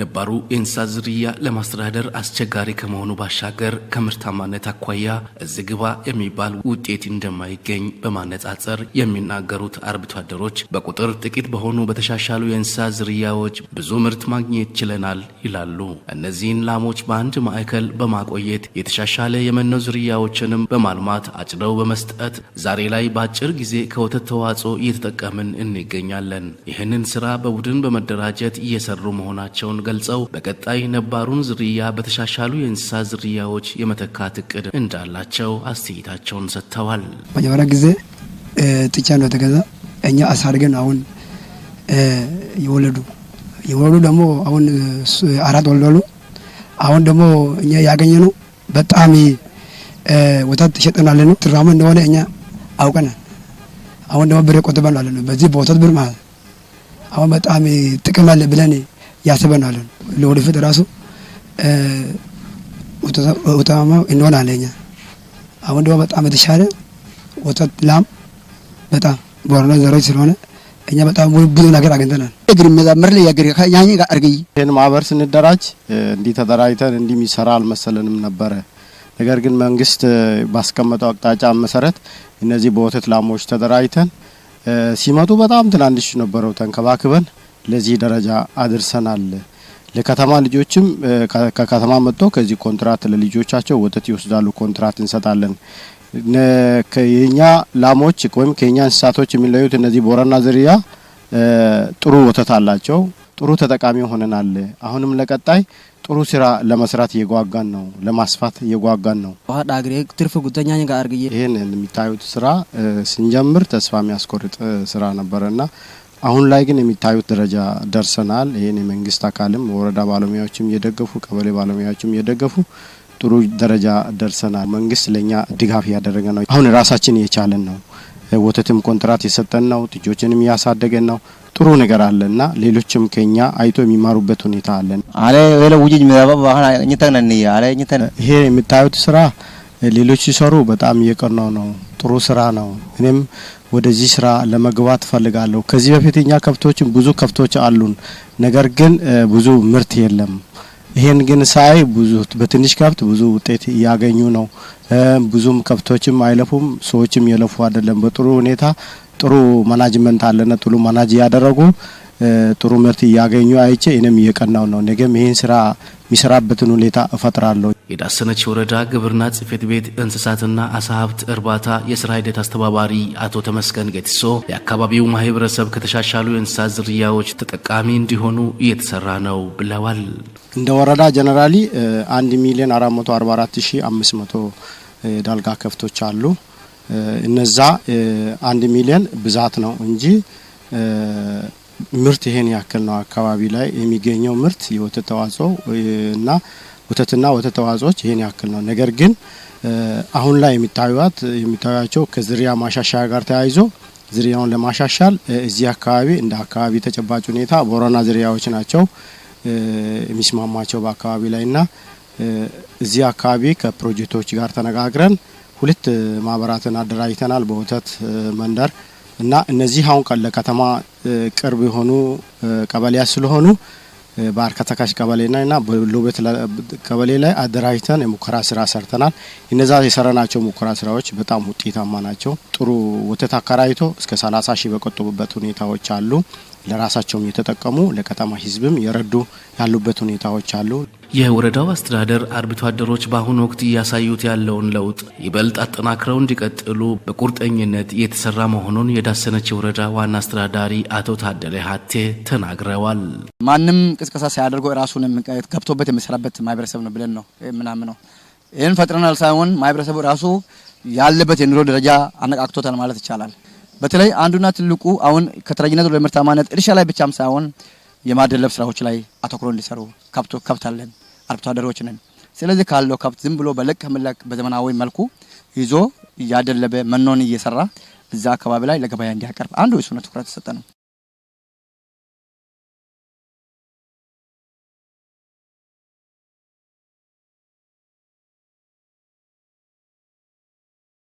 ነባሩ የእንስሳት ዝርያ ለማስተዳደር አስቸጋሪ ከመሆኑ ባሻገር ከምርታማነት አኳያ እዚ ግባ የሚባል ውጤት እንደማይገኝ በማነጻጸር የሚናገሩት አርብቶ አደሮች በቁጥር ጥቂት በሆኑ በተሻሻሉ የእንስሳት ዝርያዎች ብዙ ምርት ማግኘት ችለናል ይላሉ። እነዚህን ላሞች በአንድ ማዕከል በማቆየት የተሻሻለ የመኖ ዝርያዎችንም በማልማት አጭደው በመስጠት ዛሬ ላይ በአጭር ጊዜ ከወተት ተዋጽኦ እየተጠቀምን እንገኛለን። ይህንን ስራ በቡድን በመደራጀት እየሰሩ መሆናቸውን ገልጸው በቀጣይ ነባሩን ዝርያ በተሻሻሉ የእንስሳ ዝርያዎች የመተካት እቅድ እንዳላቸው አስተያየታቸውን ሰጥተዋል። መጀመሪያ ጊዜ ጥቻ ነው የተገዛ እኛ አሳድገን አሁን የወለዱ የወለዱ ደግሞ አሁን አራት ወለሉ። አሁን ደግሞ እኛ ያገኘ ነው በጣም ወተት ትሸጠናለ ነው ትራማ እንደሆነ እኛ አውቀናል። አሁን ደግሞ ብር ቆጥበናል ነው በዚህ በወተት ብር ማለት አሁን በጣም ጥቅም አለ ብለን ያስበናል። ለወደፊት ራሱ ውጤታማ እንሆናለን እኛ አሁን ደግሞ በጣም የተሻለ ወተት ላም በጣም ቦረና ዘሮች ስለሆነ እኛ በጣም ብዙ ነገር አግኝተናል። እግር መዛመር ላይ ያገር ያኝ አርገይ ይህን ማህበር ስንደራጅ እንዲህ ተደራጅተን እንዲህ የሚሰራ አልመሰለንም ነበረ። ነገር ግን መንግስት ባስቀመጠው አቅጣጫ መሰረት እነዚህ በወተት ላሞች ተደራጅተን ሲመጡ በጣም ትናንሽ ነበረው ተንከባክበን ለዚህ ደረጃ አድርሰናል። ለከተማ ልጆችም ከከተማ መጥቶ ከዚህ ኮንትራት ለልጆቻቸው ወተት ይወስዳሉ። ኮንትራት እንሰጣለን። የኛ ላሞች ወይም ከኛ እንስሳቶች የሚለዩት እነዚህ ቦረና ዝርያ ጥሩ ወተት አላቸው። ጥሩ ተጠቃሚ ሆነናል። አሁንም ለቀጣይ ጥሩ ስራ ለመስራት እየጓጋን ነው፣ ለማስፋት እየጓጋን ነው። ትርፍ ጉተኛ ጋር ይህን የሚታዩት ስራ ስንጀምር ተስፋ የሚያስቆርጥ ስራ ነበረና አሁን ላይ ግን የሚታዩት ደረጃ ደርሰናል። ይህን የመንግስት አካልም ወረዳ ባለሙያዎችም እየደገፉ ቀበሌ ባለሙያዎችም እየደገፉ ጥሩ ደረጃ ደርሰናል። መንግስት ለእኛ ድጋፍ እያደረገ ነው። አሁን ራሳችን እየቻለን ነው። ወተትም ኮንትራት የሰጠን ነው። ጥጆችንም እያሳደገን ነው። ጥሩ ነገር አለ እና ሌሎችም ከኛ አይቶ የሚማሩበት ሁኔታ አለን። ይሄ የምታዩት ስራ ሌሎች ሲሰሩ በጣም እየቀናው ነው። ጥሩ ስራ ነው። እኔም ወደዚህ ስራ ለመግባት ፈልጋለሁ። ከዚህ በፊት እኛ ከብቶችን ብዙ ከብቶች አሉን፣ ነገር ግን ብዙ ምርት የለም። ይሄን ግን ሳይ ብዙ በትንሽ ከብት ብዙ ውጤት እያገኙ ነው። ብዙም ከብቶችም አይለፉም፣ ሰዎችም የለፉ አይደለም። በጥሩ ሁኔታ ጥሩ ማናጅመንት አለነ ጥሩ ማናጅ እያደረጉ ጥሩ ምርት እያገኙ አይቼ እኔም እየቀናው ነው። ነገም ይህን ስራ የሚሰራበትን ሁኔታ እፈጥራለሁ። የዳሰነች ወረዳ ግብርና ጽሕፈት ቤት እንስሳትና አሳ ሀብት እርባታ የስራ ሂደት አስተባባሪ አቶ ተመስገን ገቲሶ የአካባቢው ማህበረሰብ ከተሻሻሉ የእንስሳት ዝርያዎች ተጠቃሚ እንዲሆኑ እየተሰራ ነው ብለዋል። እንደ ወረዳ ጀነራሊ 1 ሚሊዮን 444500 ዳልጋ ከፍቶች አሉ። እነዛ 1 ሚሊዮን ብዛት ነው እንጂ ምርት ይሄን ያክል ነው አካባቢ ላይ የሚገኘው ምርት የወተት ተዋጽኦ እና ወተትና ወተት ተዋጽኦች ይሄን ያክል ነው። ነገር ግን አሁን ላይ የሚታዩት የሚታዩቸው ከዝርያ ማሻሻያ ጋር ተያይዞ ዝርያውን ለማሻሻል እዚህ አካባቢ እንደ አካባቢ ተጨባጭ ሁኔታ ቦረና ዝርያዎች ናቸው የሚስማማቸው በአካባቢ ላይና እዚህ አካባቢ ከፕሮጀክቶች ጋር ተነጋግረን ሁለት ማህበራትን አደራጅተናል። በወተት መንደር እና እነዚህ አሁን ለከተማ ቅርብ የሆኑ ቀበሌያት ስለሆኑ በአርካ ተካሽ ና ና በሎቤት ቀበሌ ላይ አደራጅተን የሙከራ ስራ ሰርተናል። እነዛ የሰራናቸው ሙከራ ስራዎች በጣም ውጤታማ ናቸው። ጥሩ ወተት አከራይቶ እስከ 30 ሺህ በቆጠቡበት ሁኔታዎች አሉ። ለራሳቸውም የተጠቀሙ ለከተማ ህዝብም የረዱ ያሉበት ሁኔታዎች አሉ። የወረዳው አስተዳደር አርብቶ አደሮች በአሁኑ ወቅት እያሳዩት ያለውን ለውጥ ይበልጥ አጠናክረው እንዲቀጥሉ በቁርጠኝነት እየተሰራ መሆኑን የዳሰነች ወረዳ ዋና አስተዳዳሪ አቶ ታደለ ሀቴ ተናግረዋል። ማንም ቅስቀሳ ሳያደርገው ራሱን ገብቶበት የሚሰራበት ማህበረሰብ ነው ብለን ነው ምናምነው። ይህን ፈጥረናል ሳይሆን ማህበረሰቡ ራሱ ያለበት የኑሮ ደረጃ አነቃቅቶታል ማለት ይቻላል። በተለይ አንዱና ትልቁ አሁን ከተረጅነት ወደ ምርታማነት እርሻ ላይ ብቻም ሳይሆን የማደለብ ስራዎች ላይ አተኩሮ እንዲሰሩ ከብት አለን፣ አርብቶ አደሮች ነን። ስለዚህ ካለው ከብት ዝም ብሎ በለቅ ከመላቅ በዘመናዊ መልኩ ይዞ እያደለበ መኖን እየሰራ እዛ አካባቢ ላይ ለገበያ እንዲያቀርብ አንዱ እሱ ትኩረት ተሰጠ ነው።